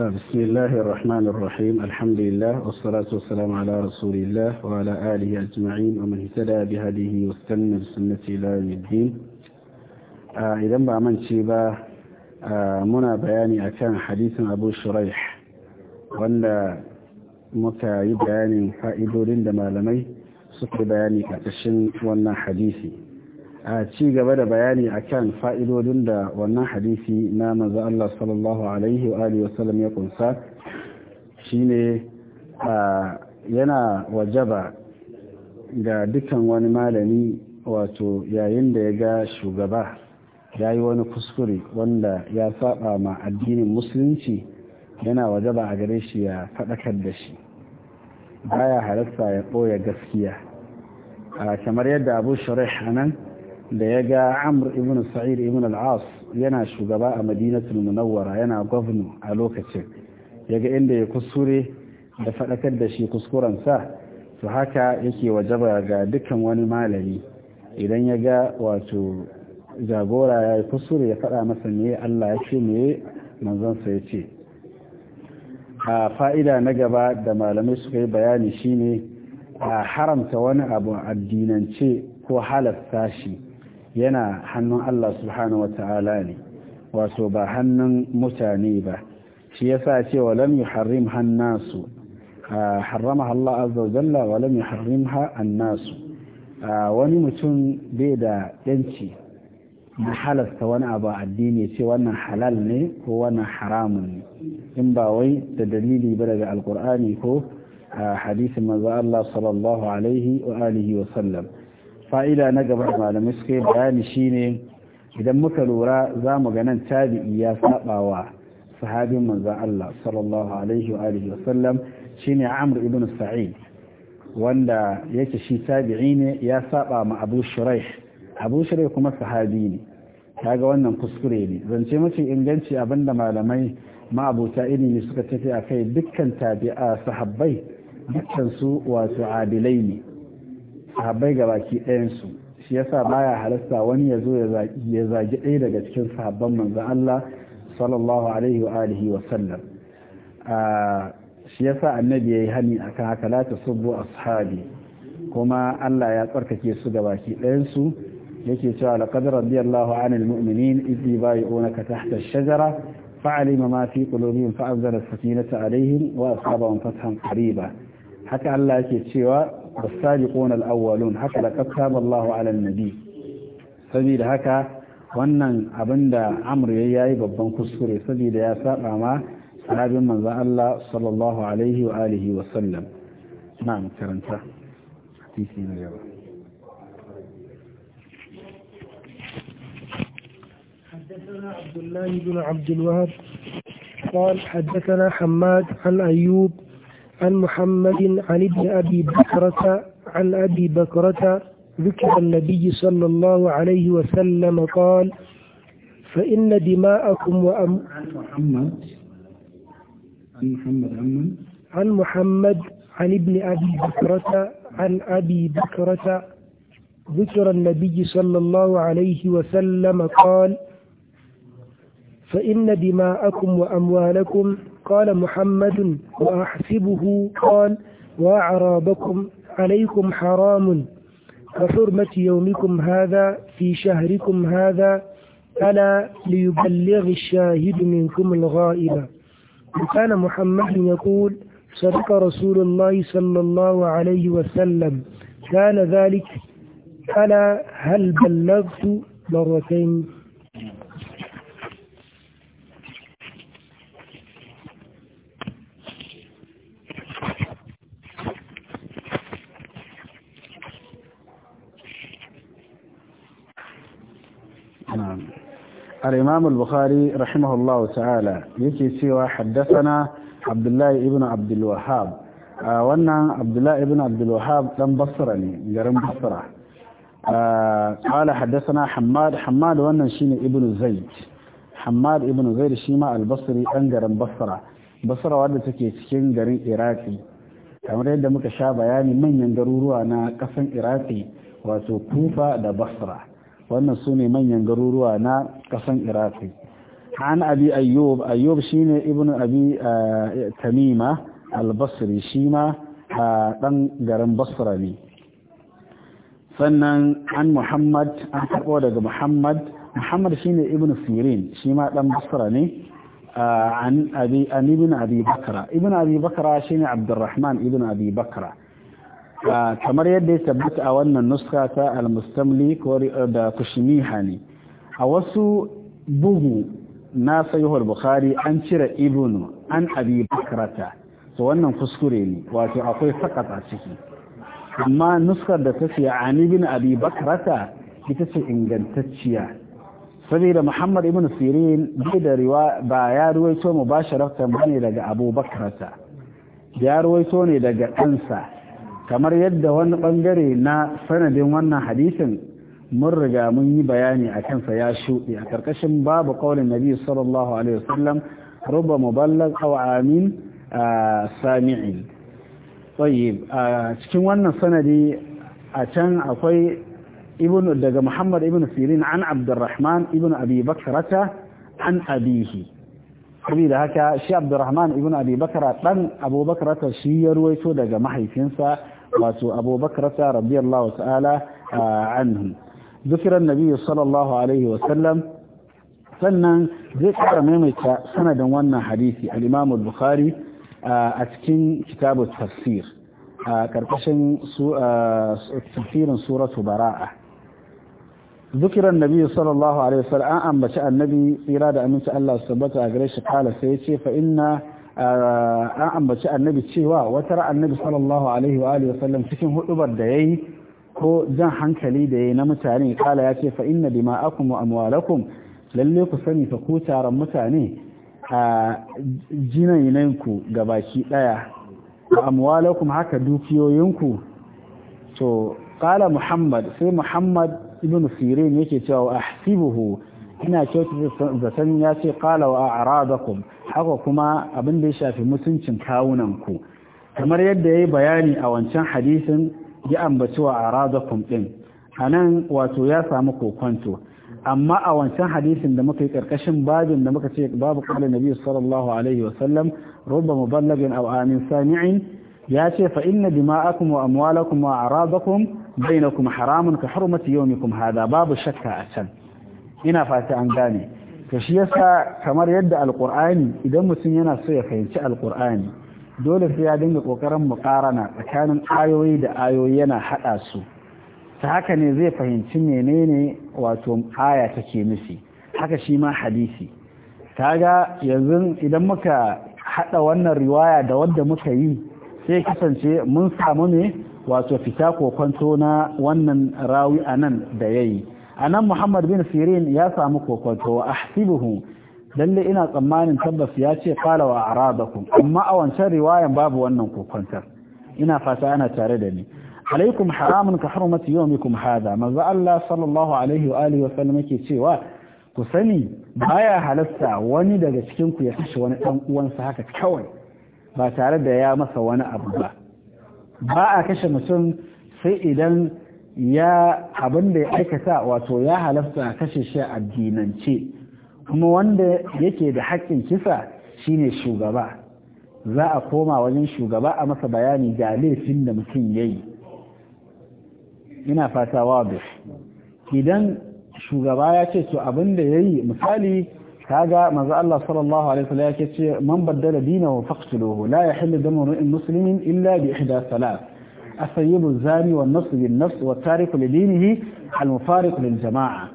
آه، بسم الله الرحمن الرحيم الحمد لله والصلاة والسلام على رسول الله وعلى آله أجمعين ومن اهتدى بهديه واستنى بسنة إلى يوم الدين آه، إذا ما من شيبا آه، منا بياني أكان حديث أبو شريح وأن مكا يبياني فائدو لندما لمي سكر بياني كتشن وأن حديثي a ci gaba da bayani a kan fa'idodin da wannan hadisi na manzo Allah sallallahu alaihi wa alihi wasallam ya kunsa shine yana wajaba ga dukan wani malami wato yayin da ya ga shugaba ya yi wani kuskure wanda ya saba ma addinin musulunci yana wajaba a gare shi ya faɗakar da shi baya halarta ya ɓoye gaskiya kamar yadda abu shari'a nan da ya ga amr ibn sa'id ibn al yana shugaba a madinatul munawwara yana gwamna a lokacin ya ga inda ya kusure da faɗakar da shi kuskurensa to haka yake wajaba ga dukkan wani malami idan ya ga wato jagora ya yi kusure ya faɗa masa ne allah ya ce ne manzansa ya ce a fa'ida na gaba da malamai suka yi bayani shine a haramta wani abu addinance ko halasta shi yana hannun Allah subhanahu wata'ala ne wato ba hannun mutane ba shi yasa cewa lam yuharrim hannasu harrama Allah azza wa jalla wa lam yuharrimha annasu wani mutum bai da yanci na halasta wani abu addini ce wannan halal ne ko wannan haramun ne in ba wai da dalili ba daga alkur'ani ko hadisin manzo Allah sallallahu alaihi wa alihi wa sallam fa'ida na gaba malamai suka yi bayani shine idan muka lura za mu ga nan tabi'i ya saba wa sahabin manzon Allah sallallahu alaihi wa alihi wasallam shine Amr ibn Sa'id wanda yake shi tabi'i ne ya saba ma Abu Shuraih Abu Shuraih kuma sahabi ne kaga wannan kuskure ne zance mace inganci abinda malamai ma'abuta ilimi suka tafi a kai dukkan tabi'a sahabbai dukkan su wato adilai ne sahabbai ga baki ɗayansu shi yasa baya halasta wani ya zo ya zagi ɗaya daga cikin sahabban manzon Allah sallallahu alaihi wa alihi wa sallam shi yasa annabi yayi hani akan haka la tasubbu ashabi kuma Allah ya tsarkake su ga baki ɗayansu yake cewa laqad radiyallahu anil mu'minin idh yubayyi'unaka tahta ash-shajara فعلم ما في قلوبهم sakinata alaihim wa وأصابهم fathan qariba haka allah yake cewa والسابقون الأولون haka لقد تاب الله على النبي saboda haka wannan abin da amur ya yi babban kuskure saboda ya saba ma sahabin manzon Allah sallallahu alaihi wa alihi wa sallam na karanta hadisi na gaba حدثنا عبد الله بن عبد الوهاب قال حدثنا حماد عن أيوب عن محمد عن ابن أبي بكرة عن أبي بكرة ذكر النبي صلى الله عليه وسلم قال فإن دماءكم وأم عن محمد عن محمد عمن عن محمد عن ابن أبي بكرة عن أبي بكرة ذكر النبي صلى الله عليه وسلم قال فإن دماءكم وأموالكم قال محمد وأحسبه قال وأعرابكم عليكم حرام كحرمة يومكم هذا في شهركم هذا ألا ليبلغ الشاهد منكم الغائبة وكان محمد يقول صدق رسول الله صلى الله عليه وسلم كان ذلك ألا هل بلغت مرتين الإمام البخاري رحمه الله تعالى يكي سوى حدثنا عبد الله ابن عبد الوهاب وانا عبد الله ابن عبد الوهاب لم بصرني جرم بصرة قال حدثنا حماد حماد وانا شين ابن زيد حماد ابن زيد شيما البصري ان جرم بصرة بصرة وانا تكي سكين جرم إراكي kamar yadda muka sha bayani manyan garuruwa na ƙasan iraki wato kufa da basra wannan su ne manyan garuruwa na ƙasan iraki an abi ayyub ayyub shine ibn abi eh, tamima al-basri shi ma dan eh, garin basra ne sannan an muhammad an karɓo daga muhammad muhammad shine ibn sirin shi ma dan basra ne eh, an abi an ibn abi bakra ibn abi bakra shine abdurrahman ibn abi bakra Ah, kamar yadda ya tabbata a wannan nuska ta almustamli eh, da kushimiha ne a wasu bugu na sayuhar bukhari an cire ibnu an abi bakrata to wannan kuskure ne wato akwai sakat a ciki amma nuskar da ta ce ani bin abi bakrata ita ce ingantacciya saboda muhammad Ibnu sirin bai da riwa ba ya ruwaito mu ba sharaftan bane daga abu bakrata ya ruwaito ne daga ɗansa kamar yadda wani bangare na sanadin wannan hadisin mun riga mun yi bayani a kansa ya shuɗe a ƙarƙashin babu ƙaunin nabi sallallahu alaihi wasallam ruba muballag aw amin sami'in tayyib a cikin wannan sanadi a can akwai ibn daga muhammad ibn sirin an abdurrahman ibn abi bakrata an abihi da haka shi abdurrahman ibn abi bakra dan abubakrata shi ya ruwaito daga mahaifinsa wato abubakar ta radiyallahu ta'ala anhu zikiran nabi sallallahu alaihi wa sallam sannan zai kara maimaita sanadin wannan hadisi al-imam al-bukhari a cikin kitabu tafsir a karkashin tafsirin suratu bara'a zikiran nabi sallallahu alaihi wasallam an ambaci annabi tsira da aminci Allah su tabbata a gare shi kala sai ya ce fa inna an ambaci annabi cewa wata annabi sallallahu alaihi wa alihi wasallam cikin hudubar da yayi ko jan hankali da yayi na mutane kala yace fa inna dima'akum wa amwalakum lalle ku sani fa ku taron mutane a jinainanku gabaki daya wa amwalakum haka dukiyoyinku to kala muhammad sai muhammad ibn sirin yake cewa ahsibuhu ina kyautata zaton ya ce kala wa a'radakum haka kuma abin da ya shafi mutuncin kawunanku kamar yadda ya yi bayani a wancan hadisin ya ambaci wa aradakum din a nan wato ya samu kokonto amma a wancan hadisin da muka yi karkashin babin da muka ce babu kala nabi sallallahu alaihi wa sallam rubba muballagin aw amin sami'in ya ce fa inna dima'akum wa amwalakum wa aradakum bainakum haramun ka hurmati yawmikum hada babu shakka a can ina fata an gane to shi yasa kamar yadda alqur'ani idan mutum yana so ya fahimci alqur'ani dole sai ya dinga kokarin muqarana tsakanin ayoyi da ayoyi yana hada su ta haka ne zai fahimci menene wato aya take nufi haka shi ma hadisi ga yanzu idan muka hada wannan riwaya da wadda muka yi sai kasance mun samu ne wato fita ko kwanto na wannan rawi a nan da ya yi a nan muhammad bin sirin ya samu kokonto wa ahsibuhu lalle ina tsammanin tabbas ya ce fara wa arabakum amma a wancan riwayan babu wannan kokontar ina fata ana tare da ni alaikum haramun ka yau mikum hada manzo Allah sallallahu alaihi wa alihi wa sallam cewa ku sani baya halasta wani daga cikin ku ya kashe wani dan uwansa haka kawai ba tare da ya masa wani abu ba ba a kashe mutum sai idan ya abin da ya aikata wato ya halasta a kashe shi addinance kuma wanda yake da haƙƙin kisa shine shugaba za a koma wajen shugaba a masa bayani ga laifin da mutum ya yi ina fata wabis idan shugaba ya ce to abin da ya yi misali kaga maza Allah sallallahu alaihi wasallam ya ce man baddala dinahu faqtuluhu la yahillu damu mu'min muslimin illa bi ihda salat السيد الزاني والنص بالنفس والتارك لدينه المفارق jama'a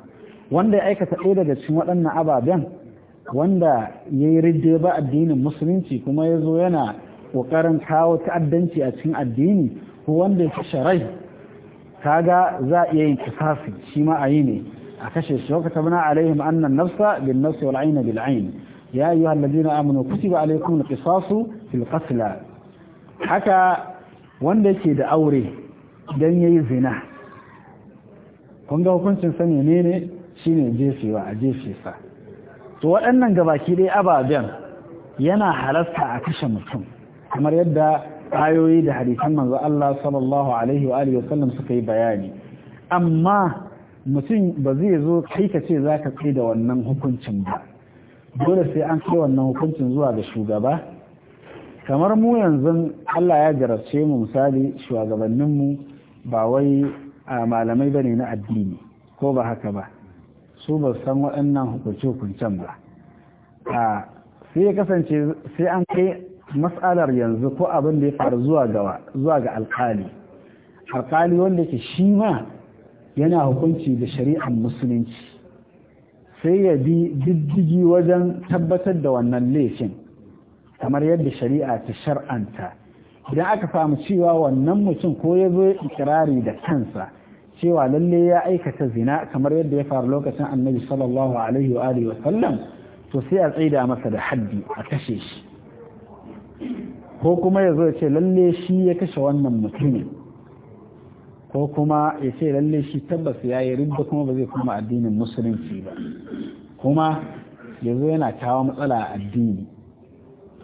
wanda ya aikata ɗaya daga cikin waɗannan ababen wanda ya yi ridde ba addinin musulunci kuma ya zo yana ƙoƙarin kawo ta'addanci a cikin addini ko wanda ya kashe rai kaga za a iya yin kisasi shi ma a yi ne a kashe shi waka tabna alaihim annan nafsa bil nafsi wal ayna bil ayn ya yi ladina amanu kutiba alaikum al qisasu fil qatl haka wanda yake da aure don ya yi zina kun ga hukuncin sa ne ne shi ne jefewa a jefesa. sa to waɗannan gabaki dai ababen yana halasta a kashe mutum kamar yadda ayoyi da hadisan manzo Allah sallallahu alaihi wa alihi wasallam suka yi bayani amma mutum ba zai zo kai ka ce zaka kai da wannan hukuncin ba dole sai an kai wannan hukuncin zuwa ga shugaba kamar mu yanzu Allah ya jarabce mu misali shugabanninmu ba wai malamai malamai bane na addini ko ba haka ba su ba san waɗannan hukunce-hukuncen ba a sai ya kasance sai an kai matsalar yanzu ko abin da ya faru zuwa ga zuwa ga alƙali alƙali wanda ke shi ma yana hukunci da shari'ar musulunci sai ya bi diddigi wajen tabbatar da wannan laifin kamar yadda shari'a ta shar'anta idan aka samu cewa wannan mutum ko ya zo ikirari da kansa cewa lalle ya aikata zina kamar yadda ya faru lokacin annabi sallallahu alaihi wa alihi wasallam to sai a tsaida masa da haddi a kashe shi ko kuma ya zo ya ce lalle shi ya kashe wannan mutumin ko kuma ya ce lalle shi tabbas ya yi ridda kuma ba zai kuma addinin musulunci ba kuma ya zo yana kawo matsala a addini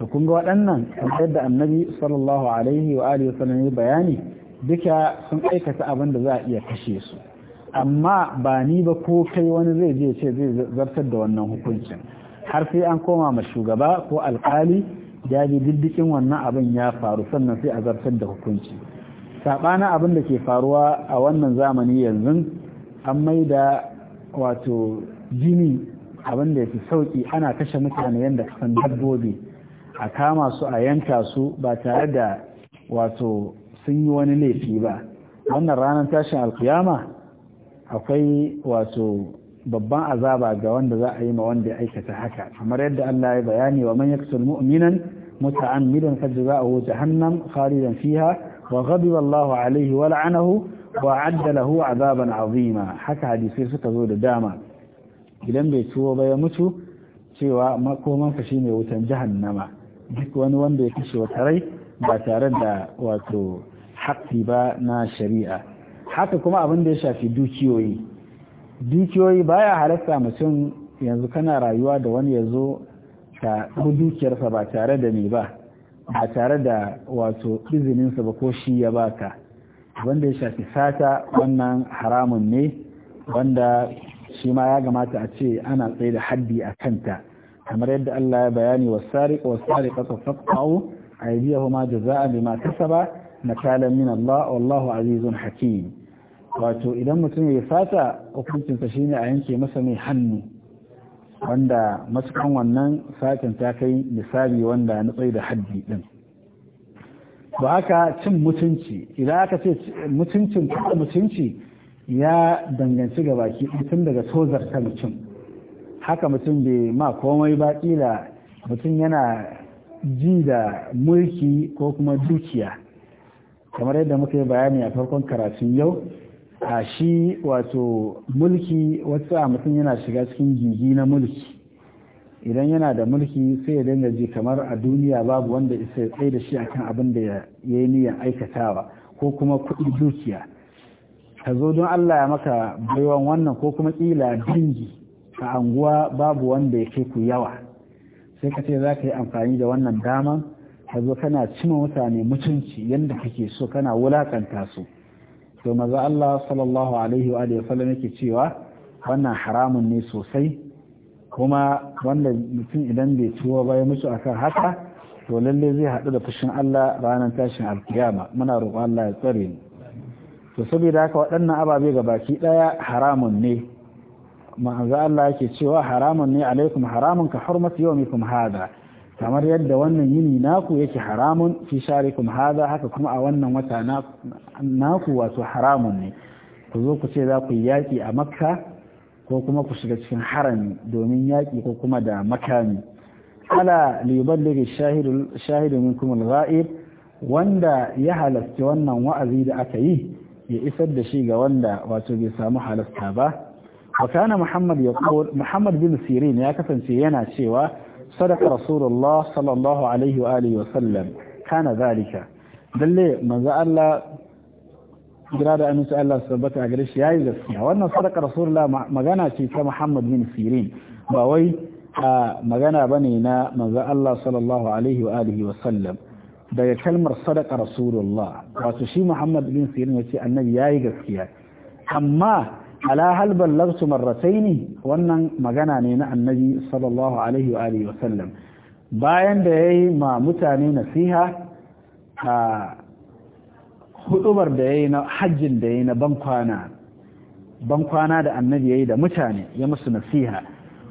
Ka kun ga waɗannan yadda annabi sallallahu alaihi wa alihi wasallam ya bayani duka sun aikata abin da za a iya kashe su amma ba ni ba ko kai wani zai je ce zai zartar da wannan hukuncin har sai an koma ma shugaba ko alkali ya ji diddikin wannan abin ya faru sannan sai a zartar da hukunci saɓanin abin da ke faruwa a wannan zamani yanzu an mai da wato jini abin da ya fi sauƙi ana kashe mutane yadda kasan dabbobi a kama su a yanka su ba tare da wato sun yi wani laifi ba wannan ranar tashin alkiyama akwai wato babban azaba ga wanda za a yi ma wanda ya aikata haka kamar yadda Allah ya bayani wa man yaktul mu'minan muta'ammidan fajza'uhu jahannam khalidan fiha wa ghadiba Allahu alayhi wa la'anahu wa adda azaban azima haka hadisi suka zo da dama idan bai tuwo ba ya mutu cewa makoman fashi ne wutan jahannama duk wani wanda ya kashe wata rai ba tare da wato haƙƙi ba na shari'a haka kuma abin da ya shafi dukiyoyi dukiyoyi baya halatta mutum yanzu kana rayuwa da wani ya zo ta dukiyarsa ba tare da me ba ba tare da wato izininsa ba ko shi ya baka wanda ya shafi sata wannan haramun ne wanda shi ma ya gamata a ce ana tsaye da haddi a kanta kamar yadda Allah ya bayani wa wa wasariqa faqta'u aydihuma jazaa'an bima kasaba nakalan min Allah wallahu azizun hakim wato idan mutum ya fata hukuncinsa shine a yanke masa mai hannu wanda masukan wannan satin ta kai misali wanda na tsaye da haddi din ba haka cin mutunci idan aka ce mutuncin kuma mutunci ya danganci ga baki tun daga tozar mutum haka mutum bai ma komai ba ƙila mutum yana ji da mulki ko kuma dukiya kamar yadda muka yi bayani a farkon karatun yau a shi wato mulki wasu a mutum yana shiga cikin gigi na mulki idan yana da mulki sai ya dinga ji kamar a duniya babu wanda isa ya da shi akan abin da ya yi niyyar aikatawa ko kuma kuɗi dukiya ka zo don allah ya maka baiwan wannan ko kuma ƙila dingi a anguwa babu wanda ya ku yawa sai ka ce za ka yi amfani da wannan dama ka zo kana cima mutane mutunci yadda kake so kana wulakanta su to maza Allah sallallahu alaihi wa sallam yake cewa wannan haramun ne sosai kuma wanda mutum idan bai tuwa ba ya mutu akan haka to lalle zai haɗu da fushin Allah ranar tashin alkiyama muna roƙon Allah ya tsare mu to saboda haka waɗannan ababe ga baki ɗaya haramun ne manzo Allah yake cewa haramun ne alaikum haramun ka hurmati yawmikum hada kamar yadda wannan yini naku yake haramun fi sharikum hada haka kuma a wannan wata naku wato haramun ne ku zo ku ce za ku yi yaƙi a makka ko kuma ku shiga cikin harami domin yaƙi ko kuma da makami ala liyuballighi shahidu minkum al-ghaib wanda ya halarci wannan wa'azi da aka yi ya isar da shi ga wanda wato bai samu halasta ba وكان محمد يقول محمد بن سيرين يا كفن سينا شيوا صدق رسول الله صلى الله عليه وآله وسلم كان ذلك دلي ما ذا الله جرادة أن يسأل الله سبت أجريش يا يزفيا وأن صدق رسول الله مغانا شيكا محمد بن سيرين باوي مغانا بنينا ما ذا الله صلى الله عليه وآله وسلم daga kalmar sadaka rasulullah wato shi muhammad bin sirin ya ce annabi ya yi gaskiya amma ala hal ballagtu marrataini wannan magana ne na annabi sallallahu alaihi wa alihi sallam bayan da yayi ma mutane nasiha a hudubar da yayi na hajjin da yayi na bankwana bankwana da annabi yayi da mutane ya musu nasiha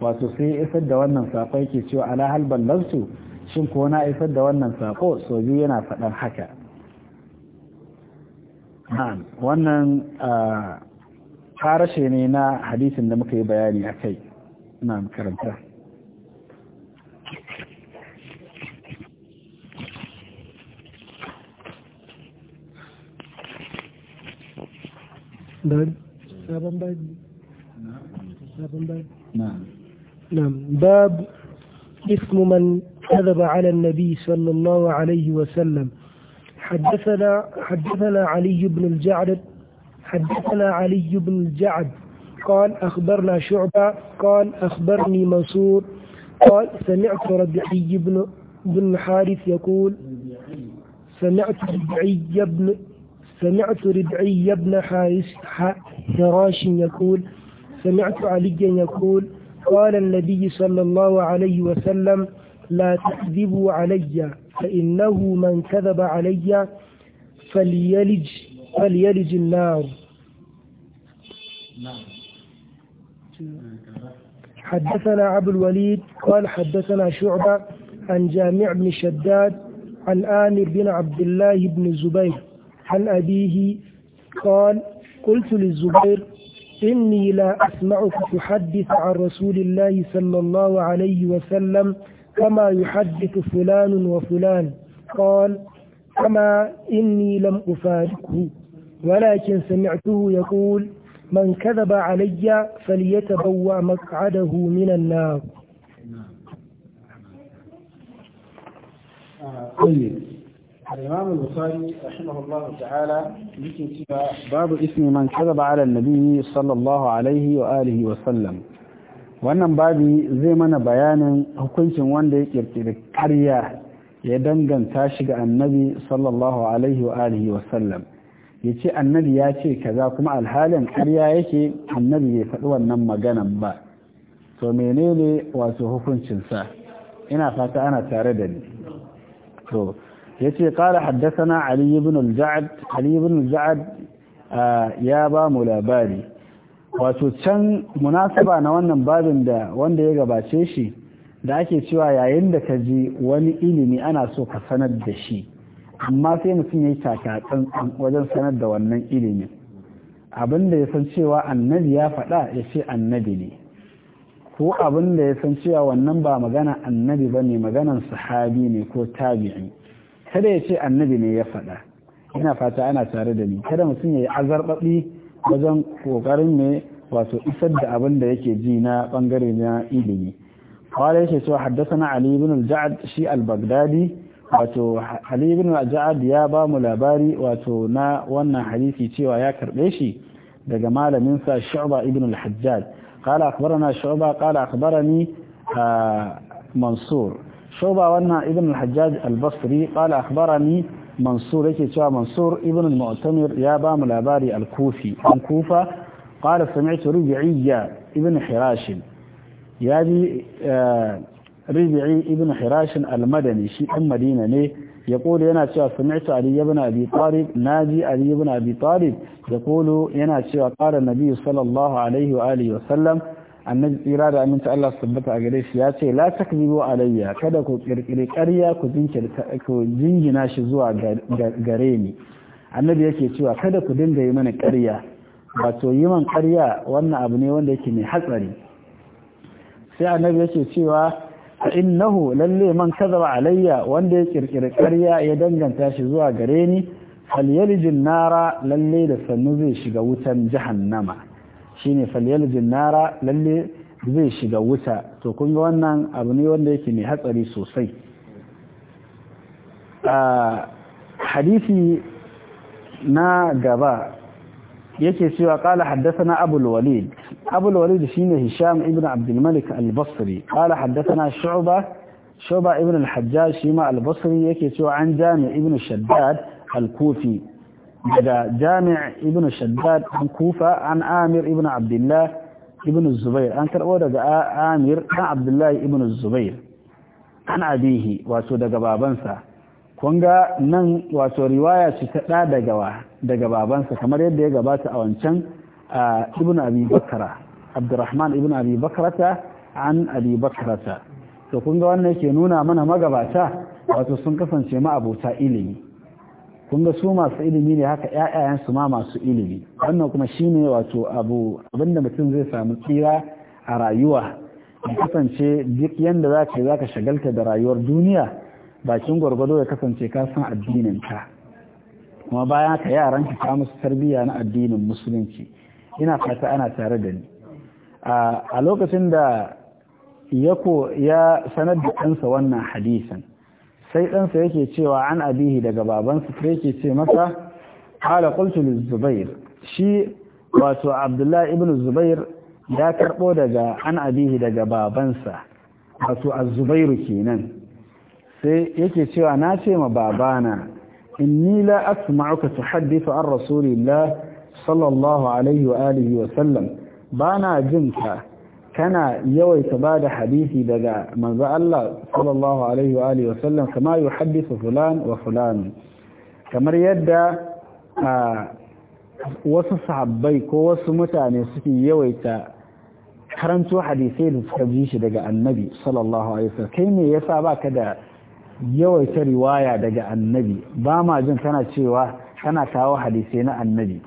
wato sai isar da wannan sako yake cewa ala hal ballagtu shin ko na isar da wannan sako so biyu yana faɗan haka wannan farashe ne na hadisin da muka yi bayani a kai na makaranta باب اسم من كذب على النبي صلى الله عليه وسلم حدثنا حدثنا علي بن الجعد حدثنا علي بن الجعد قال أخبرنا شعبة قال أخبرني منصور قال سمعت ربيعي بن بن حارث يقول سمعت ربيعي بن سمعت ربيعي بن حارث حراش يقول سمعت عليا يقول قال النبي صلى الله عليه وسلم لا تكذبوا علي فإنه من كذب علي فليلج, فليلج النار حدثنا عبد الوليد قال حدثنا شعبة عن جامع بن شداد عن آمر بن عبد الله بن الزبير عن أبيه قال قلت للزبير إني لا أسمعك تحدث عن رسول الله صلى الله عليه وسلم كما يحدث فلان وفلان قال كما إني لم أفارقه ولكن سمعته يقول man kadaba alayya falyatabawwa maq'adahu minan nar الإمام البخاري رحمه الله تعالى باب اسم من كذب على النبي صلى الله عليه وآله وسلم wannan babi zai mana bayanin hukuncin wanda ya kirkiri karya ya danganta shi ga annabi sallallahu alaihi wa alihi wa sallam ya ce annabi ya ce kaza kuma alhalin ƙarya yake annabi bai faɗi wannan maganan ba to menene wasu hukuncinsa ina fata ana tare da ni to ya ce ƙara haddasana ali ibn al ya ba mu labari wato can munasaba na wannan babin da wanda ya gabace shi da ake cewa yayin da ka ji wani ilimi ana so ka sanar da shi amma sai mutum ya yi taka tsantsan wajen sanar da wannan ilimin abin da ya san cewa annabi ya faɗa ya ce annabi ne ko abin da ya san cewa wannan ba magana annabi ba ne maganan sahabi ne ko tabi'i kada ya ce annabi ne ya faɗa ina fata ana tare da ni kada mutum ya yi azarɓaɓi wajen ƙoƙarin mai wato isar da abin da yake ji na ɓangare na ilimi قال يشي سوى حدثنا علي بن الجعد شيء البغدادي wato Ali ibn Ja'ad ya ba mu labari wato na wannan hadisi cewa ya karbe shi daga malamin sa Shu'ba ibn al-Hajjaj qala akhbarana Shu'ba qala akhbarani Mansur Shu'ba wannan ibn al-Hajjaj al-Basri qala akhbarani Mansur yake cewa Mansur ibn al-Mu'tamir ya ba mu labari al-Kufi an Kufa qala sami'tu Rubi'iyya ibn Hirash ya bi ribi'i ibn hirashin almadani shi ɗan madina ne ya yana cewa sami'tu ali ibn abi talib naji ali ibn abi talib ya kolo yana cewa ƙara nabi sallallahu alaihi wa alihi wasallam annabi tsira da aminta Allah tabbata a gare shi ya ce la takzibu alayya kada ku kirkiri ƙarya ku jingina shi zuwa gare ni annabi yake cewa kada ku dinga yi mana ƙarya wato yi man ƙarya wannan abu ne wanda yake mai hatsari sai annabi yake cewa fa’innahu lalle man kazaba alayya wanda ya kirkiri ƙarya ya danganta shi zuwa gare ni falyalijin nara lalle da sannu zai shiga wutan jahannama shi ne falyalijin nara lalle zai shiga wuta to kun ga wannan abu ne wanda yake mai hatsari sosai hadisi na gaba yake cewa qala haddathana abul walid abul walid shine hisham ibn abd al-malik al-basri qala haddathana shu'ba shu'ba ibn al-hajjaj shima al-basri yake cewa an jami' ibn shaddad al-kufi daga jami' ibn shaddad an kufa an amir ibn abdullah ibn zubair an karbo daga amir dan abdullah ibn zubair an abihi wato daga babansa kun ga nan wato riwaya ce ta da daga wa daga babansa kamar yadda ya gabata a wancan ibn abi bakara abdurrahman ibn abi bakarata an abi bakarata to kun ga wannan yake nuna mana magabata wato sun kasance ma abota ilimi kun ga su masu ilimi ne haka ƴaƴayen su ma masu ilimi wannan kuma shine wato abu abinda mutum zai samu tsira a rayuwa ya kasance duk yanda za ka yi za ka shagalta da rayuwar duniya bakin gwargwado ya kasance ka san addinin ka kuma bayan haka yaran ka ta musu tarbiyya na addinin musulunci ina fata ana tare da ni a lokacin da yako ya sanar da ɗansa wannan hadisan sai ɗansa yake cewa an abihi daga babansa sai yake ce masa qala qultu lizubair shi wato abdullahi ibn zubair ya karɓo daga an abihi daga babansa wato az-zubairu kenan sai yake cewa na ce ma babana inni la asma'uka tuhaddithu an rasulillah sallallahu alaihi wa alihi wa sallam bana jinka kana yawaita bada hadisi daga manzo Allah sallallahu alaihi wa alihi wa sallam kama yuhaddithu fulan wa fulan kamar yadda wasu sahabbai ko wasu mutane suke yawaita karanto hadisai da suka ji shi daga annabi sallallahu alaihi wa wasallam kai ne yasa baka da yawaita riwaya daga annabi ba ma jin tana cewa tana kawo hadisai na annabi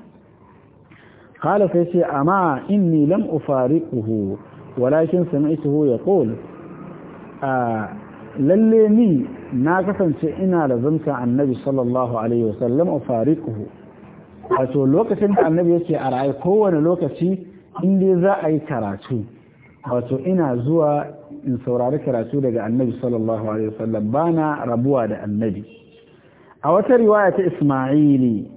kala sai ce amma inni lam ufariquhu walakin sami'tuhu yaqul a lalle ni na kasance ina da zanta annabi sallallahu alaihi wasallam ufariquhu wato lokacin da annabi yake a ra'ayi kowane lokaci in dai za a yi karatu wato ina zuwa in saurari karatu daga annabi sallallahu alaihi wasallam bana rabuwa da annabi a wata riwaya ta isma'ili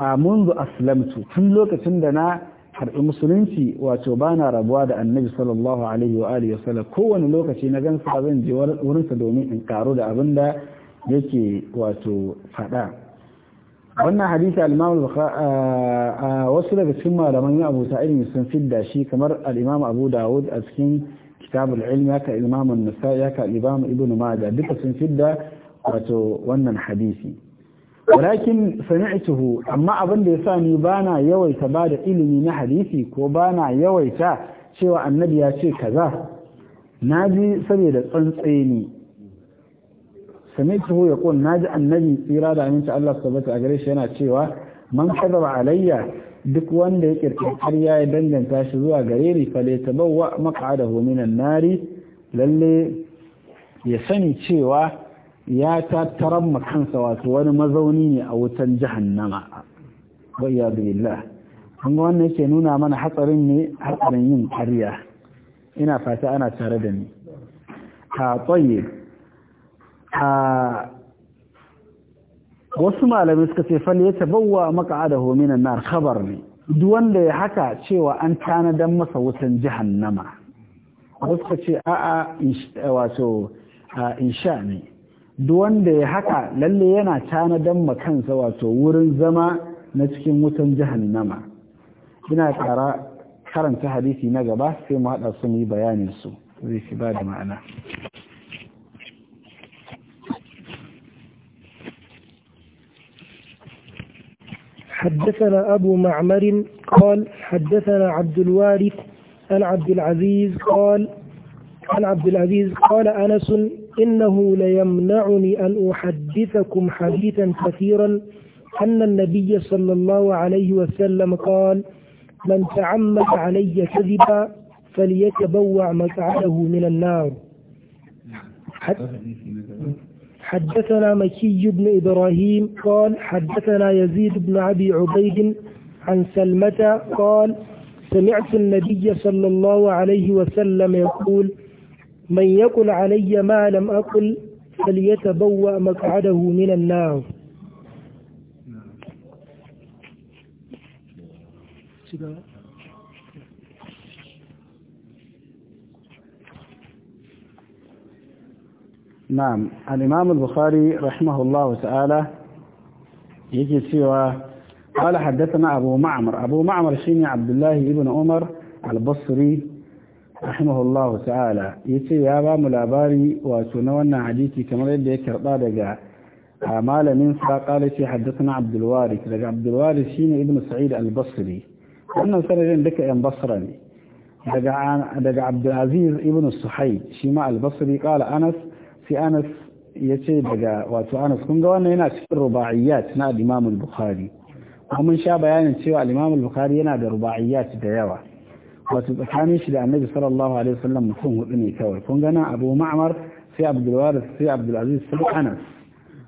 a mundu aslamtu tun lokacin da na harbi musulunci wato bana rabuwa da annabi sallallahu alaihi wa alihi wasallam kowane lokaci na gansa zan je sa domin in karo da abin da yake wato fada wannan hadisi al-imam wasu daga cikin malaman abu sa'id sun fidda shi kamar al-imam abu dawud a cikin kitabul ilmi haka imam an-nasa'i haka imam ibnu duka sun fidda wato wannan hadisi walakin sami'tuhu amma abin da sa ni bana yawaita ba da ilimi na hadisi ko bana yawaita cewa annabi ya ce kaza naji saboda tsantseni sami'tuhu na naji annabi tsira da aminci Allah subhanahu wa ta'ala yana cewa man kadaba alayya duk wanda ya kirkiri ƙarya ya danganta shi zuwa gare ni fale tabawwa maq'adahu minan nari lalle ya sani cewa ya tattaran kansa wato wani mazauni ne a wutan jahannama wa iyadu billah kun ga wannan yake nuna mana hatsarin ne hatsarin yin ƙarya ina fata ana tare da ni a tsaye wasu malamai suka ce fal ya tabawwa maq'adahu minan nar khabar ne duk wanda ya haka cewa an tanadan masa wutan jahannama wasu suka ce a'a wato insha ne duk wanda ya haka lalle yana tanadan ma kansa wato wurin zama na cikin wutan jahannama ina kara karanta hadisi na gaba sai mu haɗa su mu bayanin su zai fi ba da ma'ana حدثنا أبو معمر قال حدثنا عبد الوارث عن عبد العزيز قال عن عبد العزيز قال أنس إنه ليمنعني أن أحدثكم حديثا كثيرا أن النبي صلى الله عليه وسلم قال من تعمد علي كذبا فليتبوع مقعده من النار حدثنا مكي بن إبراهيم قال حدثنا يزيد بن أبي عبيد عن سلمة قال سمعت النبي صلى الله عليه وسلم يقول من يقل علي ما لم أقل فليتبوأ مقعده من النار Thank نعم. نعم الإمام البخاري رحمه الله تعالى يجي سوى قال حدثنا أبو معمر أبو معمر شيني عبد الله بن عمر البصري رحمه الله تعالى يجي يا با ملاباري واتونا عديتي كما يدي كربا دغا آه، مال من قال شي حدثنا عبد الوارث لك عبد الوارث شيني ابن سعيد البصري wannan sanadin duka yan basra عبد العزيز daga abdulaziz شيماء البصري قال أنس sai anas ya ce daga wato anas kun ga wannan yana cikin rubaiyat na al-imam bukhari mun sha bayanin cewa al-imam bukhari yana da rubaiyat da yawa wato tsakanin shi da annabi sallallahu alaihi wasallam mutum hudu ne kawai kun ga abu ma'mar sai abdul waris sai abdul aziz sai anas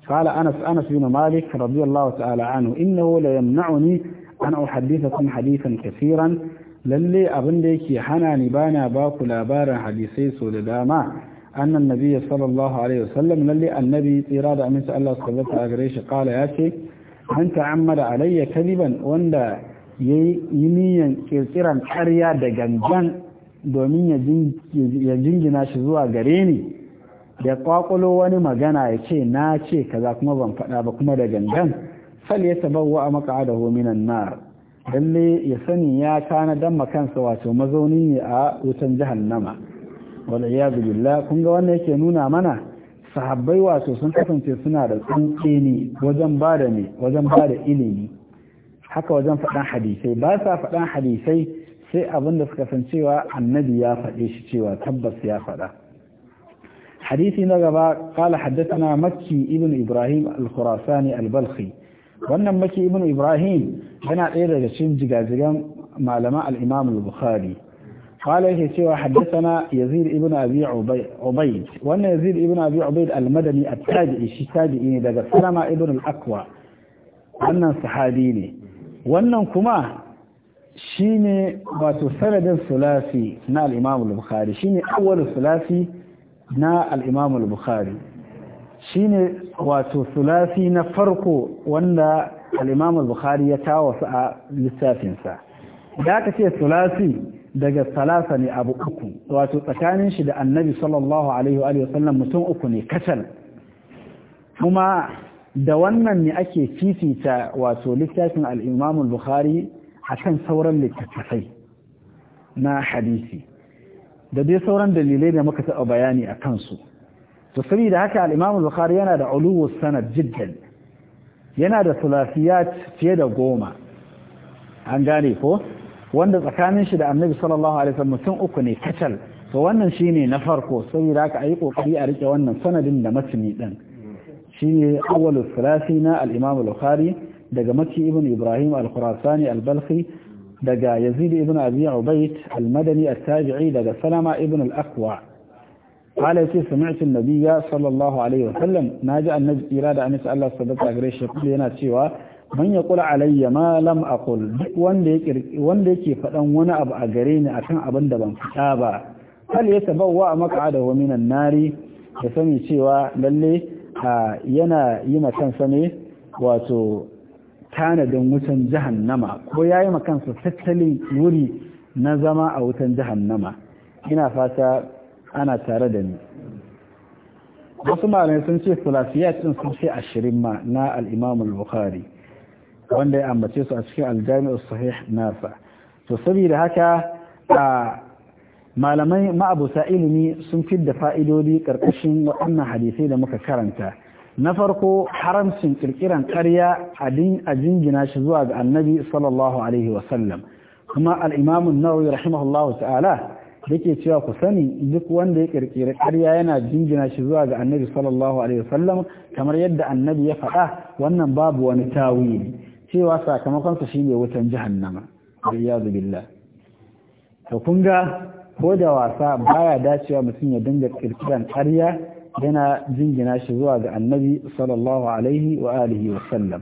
قال أنس أنس بن مالك رضي الله تعالى عنه إنه ليمنعني أن أحدثكم حديثا كثيرا للي أبن ليكي حناني بانا باكو لابارا حديثي سوداما أن النبي صلى الله عليه وسلم للي النبي تيراد أمس الله صلى الله عليه وسلم قال ياتي من تعمل علي كذبا وأن يميا كثيرا حريا دقنجان domin ya jingina shi zuwa gare ni ya ƙwaƙwalo wani magana ya ce na ce kaza kuma ban faɗa ba kuma da gangan fal ya wa a da minan nar lallai ya sani ya tana dan makansa wato mazauni ne a wutan jahannama wal billah kun ga wannan yake nuna mana sahabbai wato sun kasance suna da tsanke ne wajen ba da ne wajen ba da ilimi haka wajen faɗan hadisai ba sa faɗan hadisai sai abin da suka san cewa annabi ya faɗe shi cewa tabbas ya faɗa hadisi na gaba kala haddathana makki ibn ibrahim al-khurasani al-balkhi wannan makki ibn ibrahim yana ɗaya daga cikin jigajigan malaman al-imam al-bukhari قال yake cewa haddathana Yazid ibn Abi Ubayd wannan Yazid ibn Abi Ubayd al-Madani at-Tabi'i shi tabi'i ne daga Salama ibn al wannan sahabi ne wannan kuma shi ne wato sanadin sulasi na al-Imam al-Bukhari shine awwal sulasi na al-Imam al-Bukhari shine wato sulasi na farko wanda al-Imam al-Bukhari ya tawasu a lissafinsa da ka ce sulasi daga salasa ne abu uku wato tsakanin shi da annabi sallallahu alaihi wa sallam mutum uku ne kacal kuma da wannan ne ake fifita wato littafin al-Imam al-Bukhari akan sauran littattafai na hadisi da dai sauran dalilai da muka taɓa bayani a kansu to saboda haka al buhari yana da uluwus sanad jiddan yana da sulasiyat fiye da goma an gane ko wanda tsakanin shi da annabi sallallahu alaihi wasallam mutum uku ne kacal to wannan shine na farko saboda aka yi kokari a rike wannan sanadin da matni din shine awwalu thalathi na al-imam al-bukhari daga mati ibn ibrahim al-khurasani al-balkhi daga yazid ibn abi ubayd al-madani at-tabi'i daga salama ibn al-aqwa قال يتي سمعت النبي صلى الله عليه وسلم ناجى النبي إرادة أن يسأل الله صدق أغريش يقول لنا man ya kula alayya ma lam aqul duk wanda yake wanda yake fadan wani abu a gare ni akan abin da ban faɗa ba hal ya tabawwa maq'adahu minan nari ya sani cewa lalle yana yi kansa ne wato tanadin wutan jahannama ko yayi ma kansa tattalin wuri na zama a wutan jahannama ina fata ana tare da ni wasu malamai sun ce sulasiyat sun ce ashirin ma na al-imam bukhari wanda ya ambace su a cikin aljami'ar sahih nasa to saboda haka a malamai ma'abuta ilimi sun fidda fa'idodi ƙarƙashin waɗannan hadisai da muka karanta na farko haramcin ƙirƙiran ƙarya a jingina shi zuwa ga annabi sallallahu alaihi wasallam kuma al'imamun nawawi rahimahullahu ta'ala da ke cewa ku sani duk wanda ya kirkiri ƙarya yana jingina shi zuwa ga annabi sallallahu alaihi wasallam kamar yadda annabi ya faɗa wannan babu wani tawili cewa sakamakonsa shine wutan jahannama iyyazu billah to kun ga ko da wasa baya dacewa mutum ya dinga kirkiran ƙarya yana jingina shi zuwa ga annabi sallallahu alaihi wa alihi wa sallam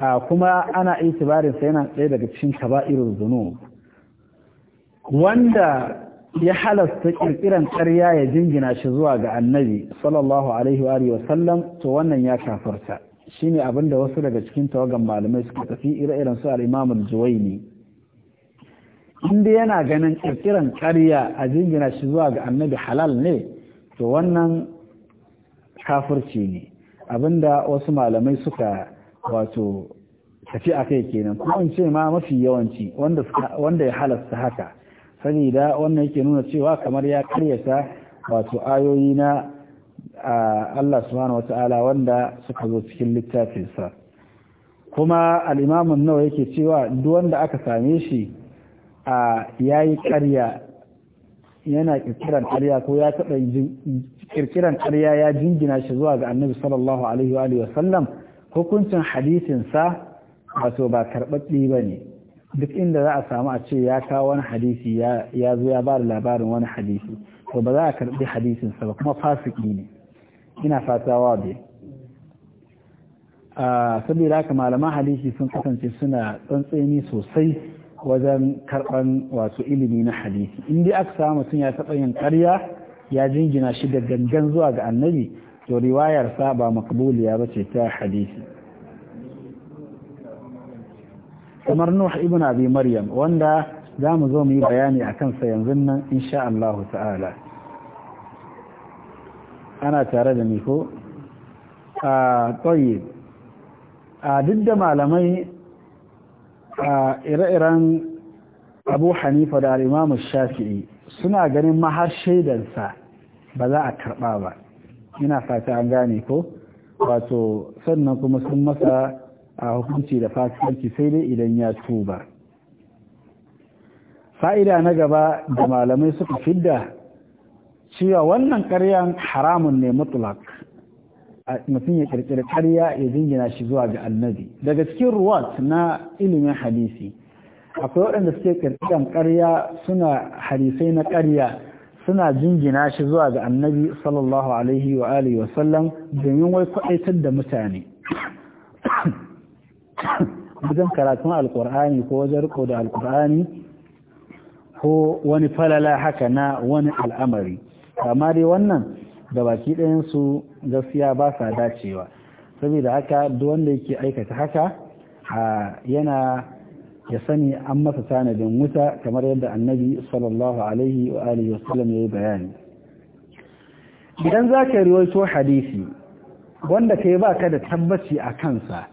a kuma ana itibarin sa yana tsaye daga cikin kaba'irul zunub wanda ya halasta kirkiran ƙarya ya jingina shi zuwa ga annabi sallallahu alaihi wa alihi wa sallam to wannan ya kafarta shine abin da wasu daga cikin tawagan malamai suka tafi ire-iren su al al-juwai ne inda yana ganin ƙirƙiran ƙarya a jingina shi zuwa ga annabi halal ne to wannan kafirci ne abinda wasu malamai suka wato tafi a kai kenan kuma in ce ma mafi yawanci wanda ya halasta haka da wannan yake nuna cewa kamar ya karyata wato ayoyi na Allah subhanahu wata'ala wanda suka zo cikin littafinsa kuma al'imamun nawa yake cewa duk wanda aka same shi a yayi ƙarya yana kirkiran ƙarya ko ya taɓa kirkiran ƙarya ya jingina shi zuwa ga annabi sallallahu alaihi wa alihi wasallam hukuncin hadisinsa wato ba karɓaɓɓe ba ne duk inda za a samu a ce ya kawo wani hadisi ya zo ya ba labarin wani hadisi to ba za a karɓi hadisinsa ba kuma fasiki ne ina fatawa wa a saboda haka malaman hadisi sun kasance suna tsantseni sosai wajen karɓan wato ilimi na hadisi in dai aka samu mutum ya taɓa yin ƙarya ya jingina shi da gangan zuwa ga annabi to riwayar sa ba makbuliya ba ce ta hadisi kamar nuh ibn abi maryam wanda za mu zo mu yi bayani a kansa yanzu nan insha Allah ta'ala ana tare da ni ko a a duk da malamai a ire-iren abu hanifa da al'imamu shafi'i suna ganin mahar shaidansa ba za a karɓa ba ina fata an gane ko wato sannan kuma sun masa a hukunci da fasikanci sai dai idan ya tuba fa'ida na gaba da malamai suka fidda cewa wannan ƙaryan haramun ne mutlak mutum ya ƙirƙiri ƙarya ya jingina shi zuwa ga annabi daga cikin ruwat na ilimin hadisi akwai waɗanda suke ƙirƙiran ƙarya suna hadisai na ƙarya suna jingina shi zuwa ga annabi sallallahu alaihi wa alihi wasallam domin wai kwaɗaitar da mutane wajen karatun alkur'ani ko wajen riko da alkur'ani ko wani falala haka na wani al'amari amma dai wannan da baki ɗayansu gaskiya ba sa dacewa saboda haka duk wanda yake aikata haka yana ya sani an masa tanadin wuta kamar yadda annabi sallallahu alaihi wa alihi wasallam ya yi bayani idan za ka riwaito hadisi wanda ka yi ba ka da tabbaci a kansa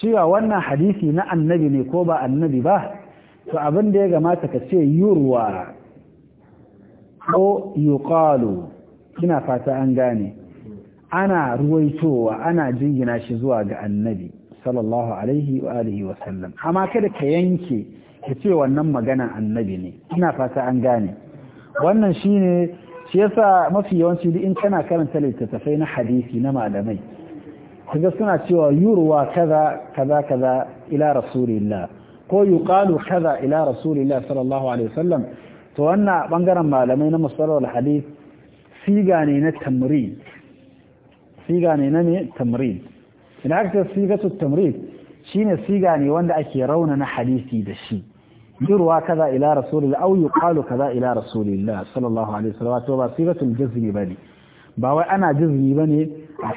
cewa wannan hadisi na annabi ne ko ba annabi ba to abin da ya gamata ka ce yurwa ko yuqalu ina fata an gane ana ruwaitowa ana jingina shi zuwa ga annabi sallallahu alaihi wa alihi wa sallam amma kada ka yanke ka ce wannan magana annabi ne ina fata an gane wannan shine shi yasa mafi yawanci duk in kana karanta littattafai na hadisi na malamai kaga suna cewa yurwa kaza kaza kaza ila rasulillah ko yuqalu kaza ila rasulillah sallallahu alaihi wa sallam. to wannan bangaren malamai na musallar hadith siga ne na tamrin siga ne na ne tamrin idan aka ce siga su shi shine siga ne wanda ake rauna na hadisi da shi jirwa kaza ila rasulillah au yuqalu kaza ila rasulillah sallallahu alaihi wasallam to ba sigatul jazmi bane ba wai ana jazmi bane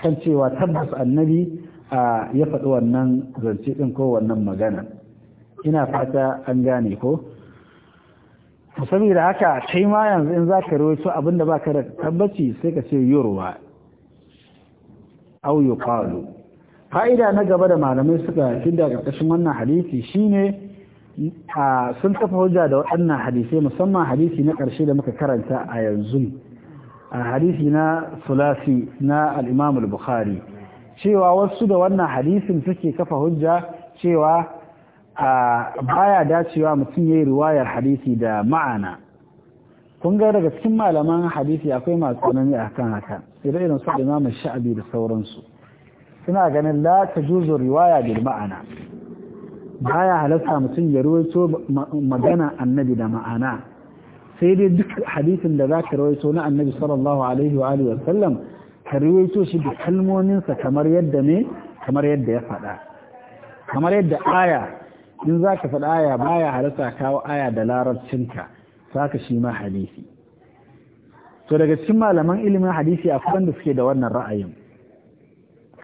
kan cewa tabbas annabi ya faɗi wannan zance din ko wannan magana ina fata an gane ko saboda haka kai ma yanzu in za ka rawaito abin da ba ka da tabbaci sai ka ce yorwa au yi fa'ida na gaba da malamai suka da ƙarƙashin wannan hadisi shine a sun tafa hujja da waɗannan hadisai musamman hadisi na ƙarshe da muka karanta a yanzu a hadisi na sulasi na al'imamul bukhari cewa wasu da wannan hadisin suke kafa hujja cewa a baya dacewa mutum ya yi riwayar hadisi da ma'ana kun ga daga cikin malaman hadisi akwai masu tsanani a kan haka idan irin su imamu sha'abi da sauransu suna ganin la ta juzo riwaya da ma'ana baya halatta mutum ya ruwaito magana annabi da ma'ana sai dai duk hadisin da za ka ruwaito na annabi sallallahu alaihi wa alihi wasallam ka ruwaito shi da kalmominsa kamar yadda ne kamar yadda ya faɗa kamar yadda aya in za ka faɗa aya baya halitta kawo aya da larabcinka saka shi ma hadisi to daga cikin malaman ilimin hadisi a akwai da suke da wannan ra'ayin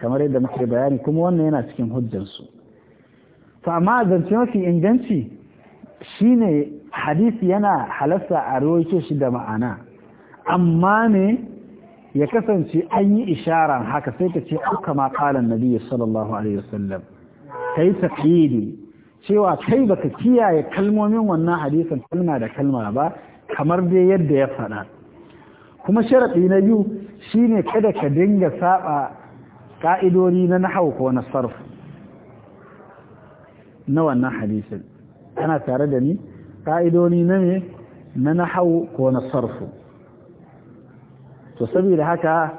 kamar yadda muke bayani kuma wannan yana cikin hujjansu to amma zance mafi inganci shi ne hadisi yana halasta a rawaito shi da ma'ana amma ne ya kasance an yi isharan haka sai ka ce auka ma kalan nabi sallallahu alaihi wasallam kai taqidi cewa kai baka kiyaye kalmomin wannan hadisin kalma da kalma ba kamar dai yadda ya faɗa kuma sharaɗi na biyu shine kada ka dinga saba ka'idori na nahau ko na sarf na wannan hadisin kana tare da ni ka'idori na ne na nahau ko na sarfu to saboda haka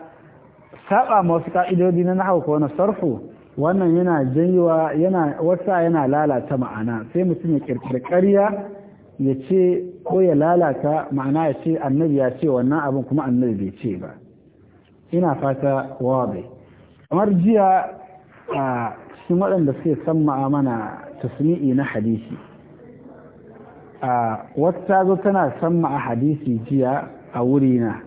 saba masu ka'idodi na nahau ko na sarfu wannan yana janyowa yana wata yana lalata ma'ana sai mutum ya kirkiri ƙarya ya ce ko ya lalata ma'ana ya ce annabi ya ce wannan abin kuma annabi bai ce ba ina fata wabe kamar jiya a cikin waɗanda suke san mana tasmi'i na hadisi a wata zo tana san ma'a hadisi jiya a wurina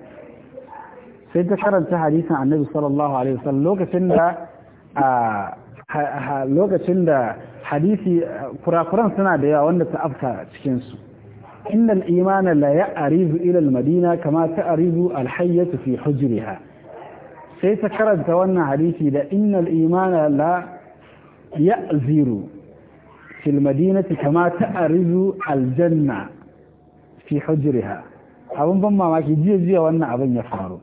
sai ta karanta hadisin annabi sallallahu alaihi wasallam lokacin da a lokacin da hadisi kurakuran suna da yawa wanda ta afka cikinsu innal imana la ya'rizu ila al-madina kama ta'rizu al-hayyatu fi hujriha sai ta karanta wannan hadisi da innal imana la ya'ziru في kama كما al-janna fi hujriha abin ban mamaki jiya jiya wannan abin ya faru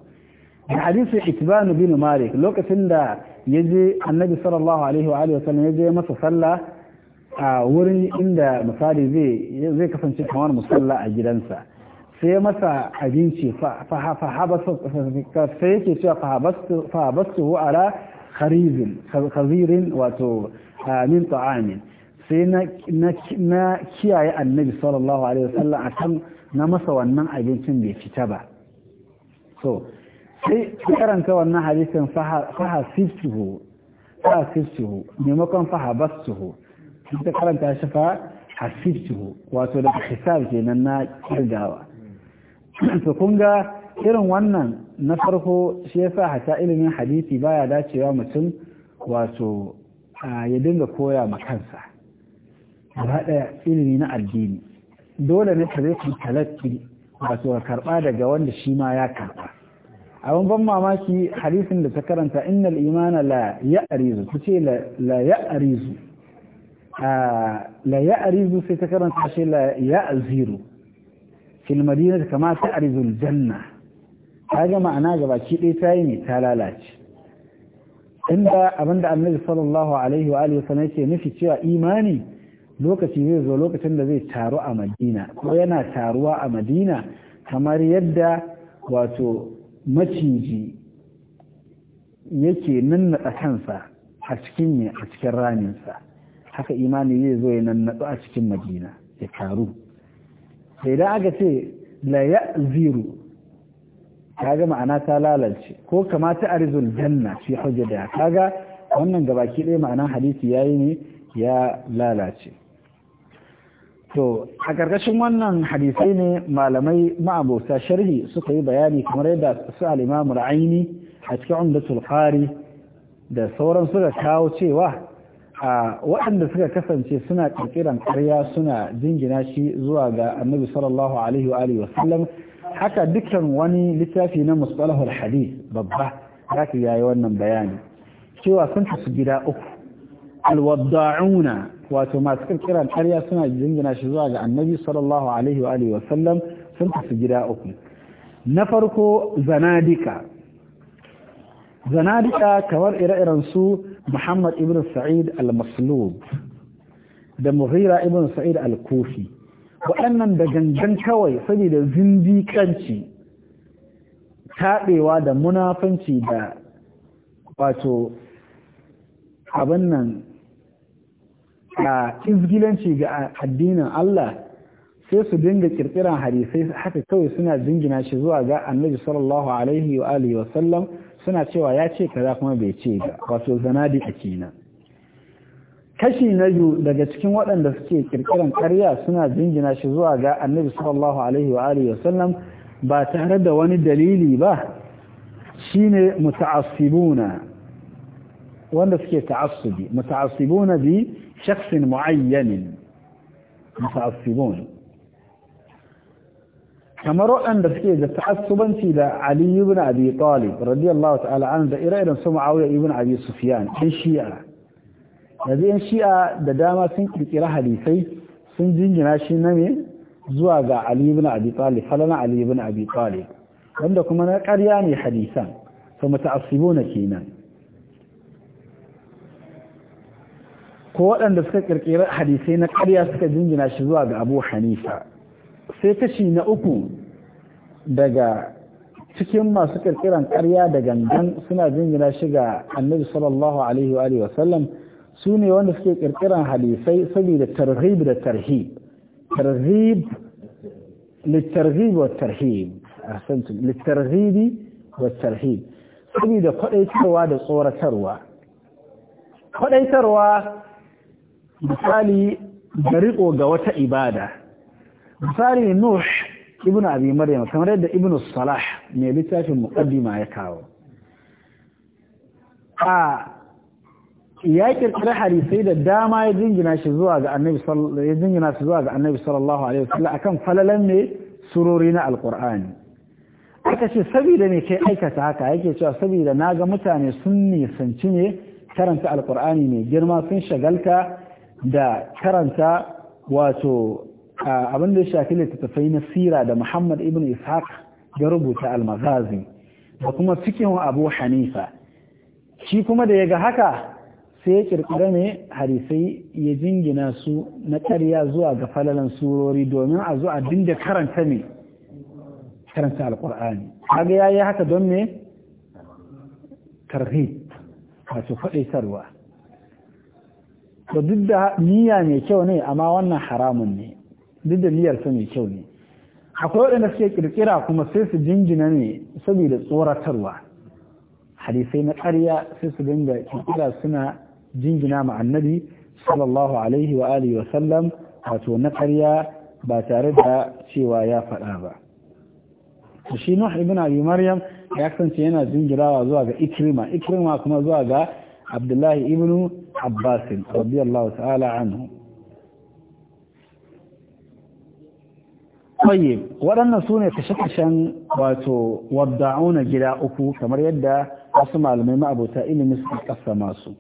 da hadisi itbanu bin malik lokacin da ya je annabi sallallahu alaihi wa alihi wasallam ya je masa sallah a wurin inda misali zai zai kasance kamar musalla a gidansa sai masa abinci fa sai yake cewa fahabastu ala kharizin khazirin wato min ta'amin sai na kiyaye annabi sallallahu alaihi wasallam akan na masa wannan abincin bai fita ba so sai karanta wannan hadisin faha sifsuhu maimakon fahabasuhu sun ta karanta shi fa hasisuhu wato da hisab kenan na kirgawa to kun ga irin wannan na farko shi yasa hata ilimin hadisi baya dacewa mutum wato ya dinga koya ma kansa gaba ɗaya ilimi na addini dole ne ka zai talatti wato karɓa daga wanda shi ma ya karɓa abin ban mamaki hadisin da ta karanta innal imana la ya'rizu ta ce la ya'rizu la ya'rizu sai ta karanta shi la ya'ziru fil kamata kama ta'rizu al janna kaga ma'ana gabaki ɗaya tayi ne ta lalace inda abinda annabi sallallahu alaihi wa alihi wasallam yake nufi cewa imani lokaci zai zo lokacin da zai taru a madina ko yana taruwa a madina kamar yadda wato maciji yake nannaɗa kansa a cikin ne a cikin raninsa haka imani zai zo ya nannaɗu a cikin madina ya taru idan aka ce la ya ziru ga ma'ana ta lalace ko kamata a rizul janna fi hujjada kaga wannan gabaki ɗaya ma'anan hadisi yayi ne ya lalace to a ƙarƙashin wannan hadisai ne malamai ma'abota sharhi suka yi bayani kamar yadda su al-imamu a cikin wanda qari da sauran suka kawo cewa a waɗanda suka kasance suna ƙirƙiran ƙarya suna jingina shi zuwa ga annabi sallallahu alaihi wa alihi wasallam haka dukkan wani littafi na musbalahul hadis babba ka yayi wannan bayani cewa sun tafi gida uku alwadda'una wato masu kirkiran ƙarya suna jingina shi zuwa ga annabi sallallahu alaihi wa alihi wasallam sun tafi gida uku na farko zanadika zanadika kamar ire-iren su muhammad ibn sa'id al-maslub da Muhira ibn sa'id al-kufi waɗannan da gangan kawai saboda zindiƙanci taɓewa da munafanci da wato abin nan a izgilanci ga addinin Allah sai su dinga kirkiran hadisai haka kawai suna jingina shi zuwa ga annabi sallallahu alaihi wa alihi wa sallam suna cewa ya ce kaza kuma bai ce ga wato zanadi a kenan kashi na biyu daga cikin waɗanda suke kirkiran ƙarya suna jingina shi zuwa ga annabi sallallahu alaihi wa alihi wa sallam ba tare da wani dalili ba shine muta'assibuna wanda suke ta'assubi muta'assibuna bi شخص معين متعصبون kamar waɗanda suke da ta'assubanci da Ali ibn Abi Talib radiyallahu ta'ala an da ire-iren su Muawiya ibn Abi Sufyan ɗan Shi'a yanzu Shi'a da dama sun ƙirƙira hadisai sun jingina shi na zuwa ga Ali ibn Abi Talib falana Ali ibn Abi wanda kuma na karya ne hadisan fa muta'assibuna kenan ko waɗanda suka ƙirƙirar hadisai na ƙarya suka jingina shi zuwa ga abu hanifa sai kashi na uku daga cikin masu ƙirƙiran ƙarya da gangan suna jingina shi ga annabi sallallahu alaihi wa sallam su ne wanda suke ƙirƙiran hadisai saboda tarhib da tarhib targhib للترغيب والترهيب littarhibi wa tarhib saboda kwaɗaitarwa da tsoratarwa kwaɗaitarwa misali da riko ga wata ibada misali nuh ibnu abi maryam kamar yadda ibnu salah mai littafin muqaddima ya kawo a ya kirkira hadisai da dama ya jingina shi zuwa ga annabi ya jingina zuwa ga annabi sallallahu alaihi wasallam akan falalan ne surori na alqur'ani aka ce saboda ne kai aikata haka yake cewa saboda naga mutane sun nisanci ne karanta alqur'ani mai girma sun shagalta da karanta wato abin da ya shafi littattafai na sira da muhammad ibn ishaq ya rubuta almazazi da kuma cikin abu hanifa shi kuma da ya ga haka sai ya kirkira ne harisai ya jingina su na ƙarya zuwa ga falalan surori domin a zo a dinga karanta ne karanta alƙur'ani kaga ya yi haka don me tarhib wato faɗaitarwa to duk da niyya mai kyau ne amma wannan haramun ne duk da niyyarsa mai kyau ne akwai waɗanda suke ƙirƙira kuma sai su jinjina ne saboda tsoratarwa hadisai na ƙarya sai su dinga kirkira suna jingina ma annabi sallallahu alaihi wa alihi wa sallam wato na ƙarya ba tare da cewa ya faɗa ba shi nuh ibn abi maryam ya kasance yana jingirawa zuwa ga ikrima ikrima kuma zuwa ga abdullahi ibn abbas radiyallahu ta'ala anhu tayyib waɗannan kashe-kashen wato wadda'una gida uku kamar yadda wasu malamai ma'abota ilimi suka kasa masu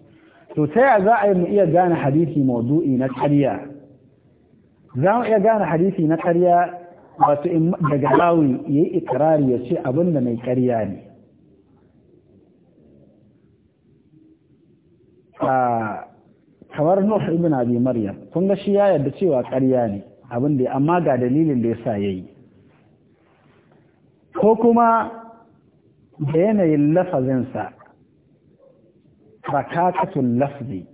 to ta yaya za a yi mu iya gane hadisi maudu'i na ƙarya za iya gane hadisi na ƙarya wato daga rawi ya yi ikirari ya ce abin da mai ƙarya ne kamar Nuh ibn Abi Maryam kun ga shi ya yarda cewa ƙarya ne abin da amma ga dalilin da yasa yayi ko kuma da yanayin lafazinsa rakakatul lafzi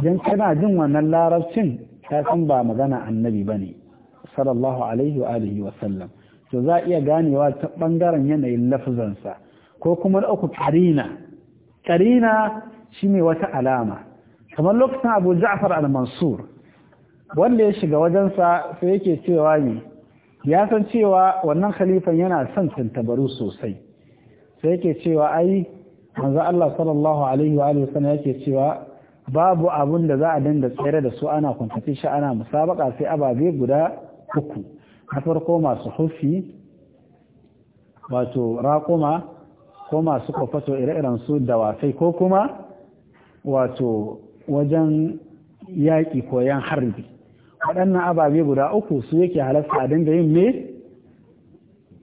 idan kana jin wannan larabcin ka san ba magana annabi bane sallallahu alaihi wa alihi wa sallam to za iya ganewa ta bangaren yanayin lafazansa ko kuma da uku karina karina Shi ne wata alama kamar lokacin abu ja'far al-mansur wanda ya shiga wajensa sai yake cewa ne ya san cewa wannan khalifan yana son tantabaru sosai sai yake cewa ai manzo Allah sallallahu alaihi wa alihi yake cewa babu abun da za a danda tsere da su ana shi ana musabaka sai ababe guda uku na farko masu hufi wato raƙuma ko masu kofato ire-iren su wasai ko kuma wato wajen yaƙi ko yan harbi waɗannan ababe guda uku su yake halasta a dinga yin me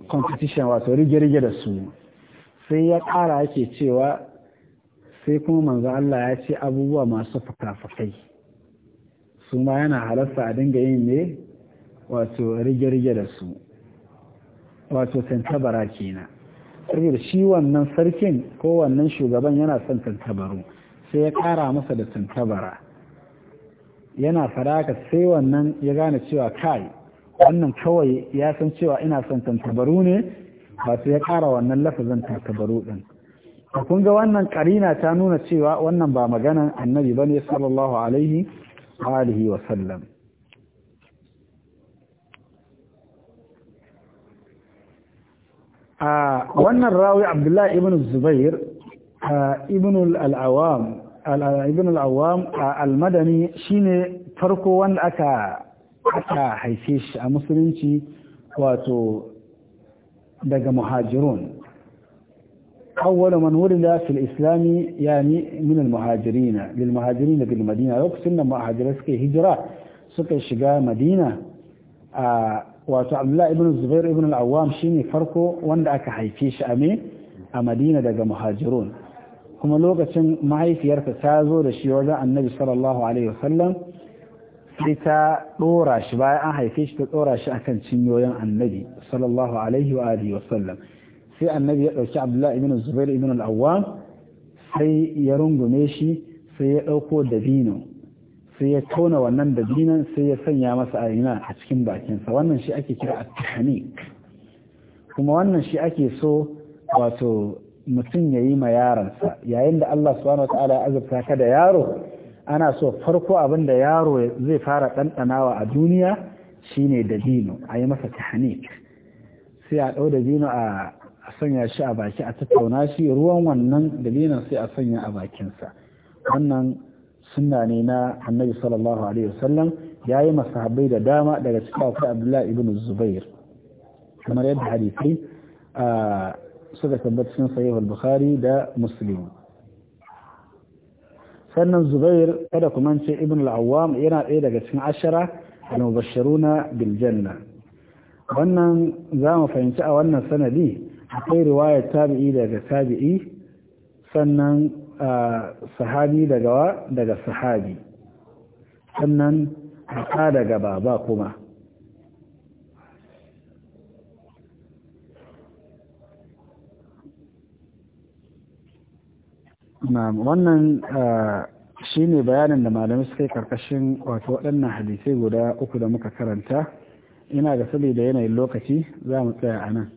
competition wato rige-rige da su sai ya ƙara yake cewa sai kuma manzo Allah ya ce abubuwa masu fuka-fukai su ma yana halasta a dinga yin mai wato rige-rige da su wato tantabara kenan da shi wannan sarkin ko wannan shugaban yana son tantabaru sai ya kara masa da tantabara yana faraka sai wannan ya gane cewa kai wannan kawai ya san cewa ina son tantabaru ne ba sai ya kara wannan lafazin tantabaru din kun ga wannan karina ta nuna cewa wannan ba maganan annabi bane sallallahu alaihi wa alihi wa sallam a wannan rawi abdullahi ibn zubair ibn al’awam al’almadani shi shine farko wanda aka haife shi a musulunci wato daga muhajirun awwal man wurida fil islami yani min al muhajirina lil madina lokacin da muhajirai suke hijira suka shiga madina wato abdullah ibnu zubair ibn al shine farko wanda aka haife shi a me a madina daga muhajirun kuma lokacin mahaifiyarsa ta zo da shi wajen annabi sallallahu alaihi wasallam sai ta ɗora shi bayan an haife shi ta ɗora shi akan cinyoyin annabi sallallahu alaihi wa alihi wasallam sai annabi ya ɗauki abdullahi ibn zubair ibn al-awwam sai ya rungume shi sai ya ɗauko dabino sai ya tona wannan dabinon sai ya sanya masa aina a cikin bakinsa wannan shi ake kira at-tahnik kuma wannan shi ake so wato mutum ya yi ma yaransa yayin da Allah subhanahu wa ta'ala ya azurta ka da yaro ana so farko abin da yaro zai fara ɗanɗanawa a duniya shine da dino a yi masa tahanik sai a ɗau da dino a sanya shi a baki a tattauna shi ruwan wannan dalilin sai a sanya a bakinsa wannan sunna ne na annabi sallallahu alaihi wasallam ya yi masahabai da dama daga cikin akwai abdullahi ibn zubair kamar yadda hadisai ah, suka tabbata cikin sahih al-bukhari da muslim sannan zubair kada ku mance ibn al-awwam yana ɗaya daga cikin ashara al-mubashshiruna bil janna wannan za mu fahimci a wannan sanadi akwai riwayar tabi'i daga tabi'i sannan sahabi daga daga sahabi sannan ka daga baba kuma wannan ah, shi ne bayanin da malamai suka yi karkashin wato waɗannan hadisai guda uku da muka karanta ina ga da yanayin lokaci za mu tsaya a nan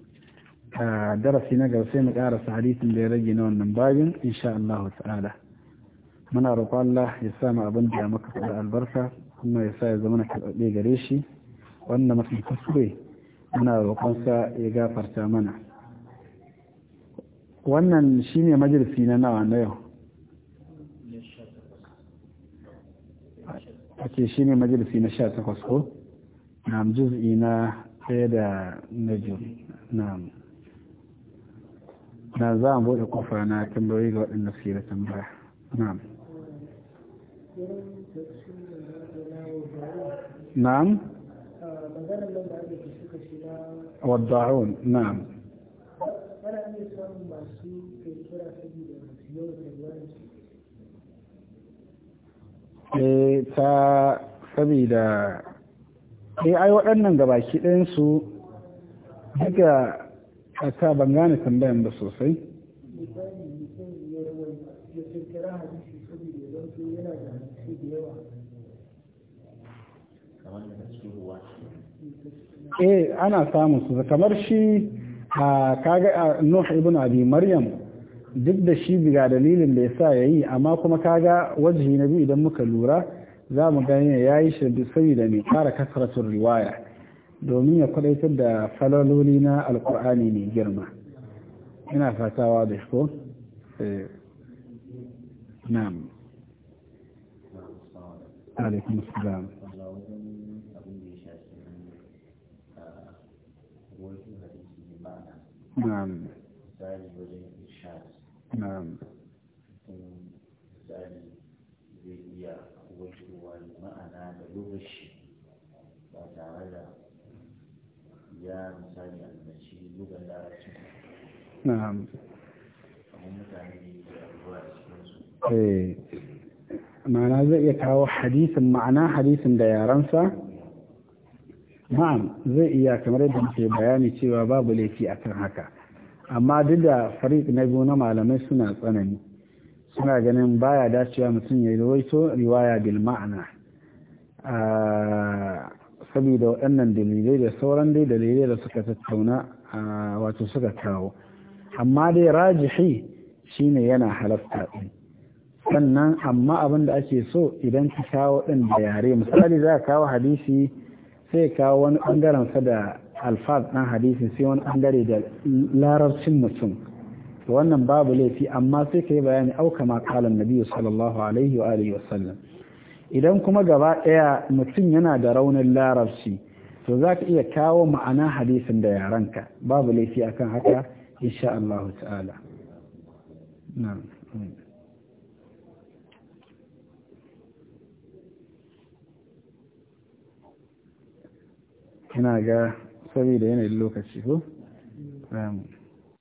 ah, darasi na gaba sai mu karasa hadisin da ya rage na wannan babin insha Allah ta'ala muna roƙo Allah ya sa mu abin da muka faɗa albarka kuma ya sa ya zama na karɓe gare shi wannan mafi kuskure muna roƙonsa ya gafarta mana wannan shi ne majalisi na nawa na yau ake shi ne majalisi na sha takwas ko na juz'i na ɗaya da na na na za a buɗe kofa na tambayoyi ga waɗanda suke da tambaya na'am na'am wadda'un na'am Eh, ta sabida, eh ai waɗannan gabaki ɗayansu daga a ta ban gane tambayan ba sosai eh ana samun su kamar shi a kaga Nuh ibn Abi Maryam duk da shi ga dalilin da yasa yayi amma kuma kaga wajhi na biyu idan muka lura za mu gani ya da sai da mai fara kasratun riwaya domin ya kwadaitar da falaloli na alkur'ani mai girma ina fatawa da shi ko eh. na'am alaikum ma'ana na'am misali wajen ishad zai iya ya eh, zai iya kawo hadisin ma'ana hadisin da yaransa na'am zai iya kamar yadda muke bayani cewa babu laifi a kan haka amma duk da farid na biyu na malamai suna tsanani suna ganin baya dacewa mutum ya yi rawaito riwaya bil ma'ana ah, saboda waɗannan dalilai da sauran dai dalilai da suka tattauna ah, wato suka kawo amma dai rajihi shine yana halatta ɗin sannan amma abin da ake so idan ka kawo ɗin da yare misali za ka kawo hadisi sai kawo wani ɓangaren sa da alfaz ɗan hadisin sai wani ɓangare da larabcin mutum wannan babu laifi amma sai ka yi bayani auka ma kalan nabi sallallahu alaihi wa alihi wasallam idan kuma gaba ɗaya mutum yana da raunin larabci to za ka iya kawo ma'ana hadisin da yaranka babu laifi akan haka insha Allah ta'ala na'am ina ga saboda yanayin lokaci ko?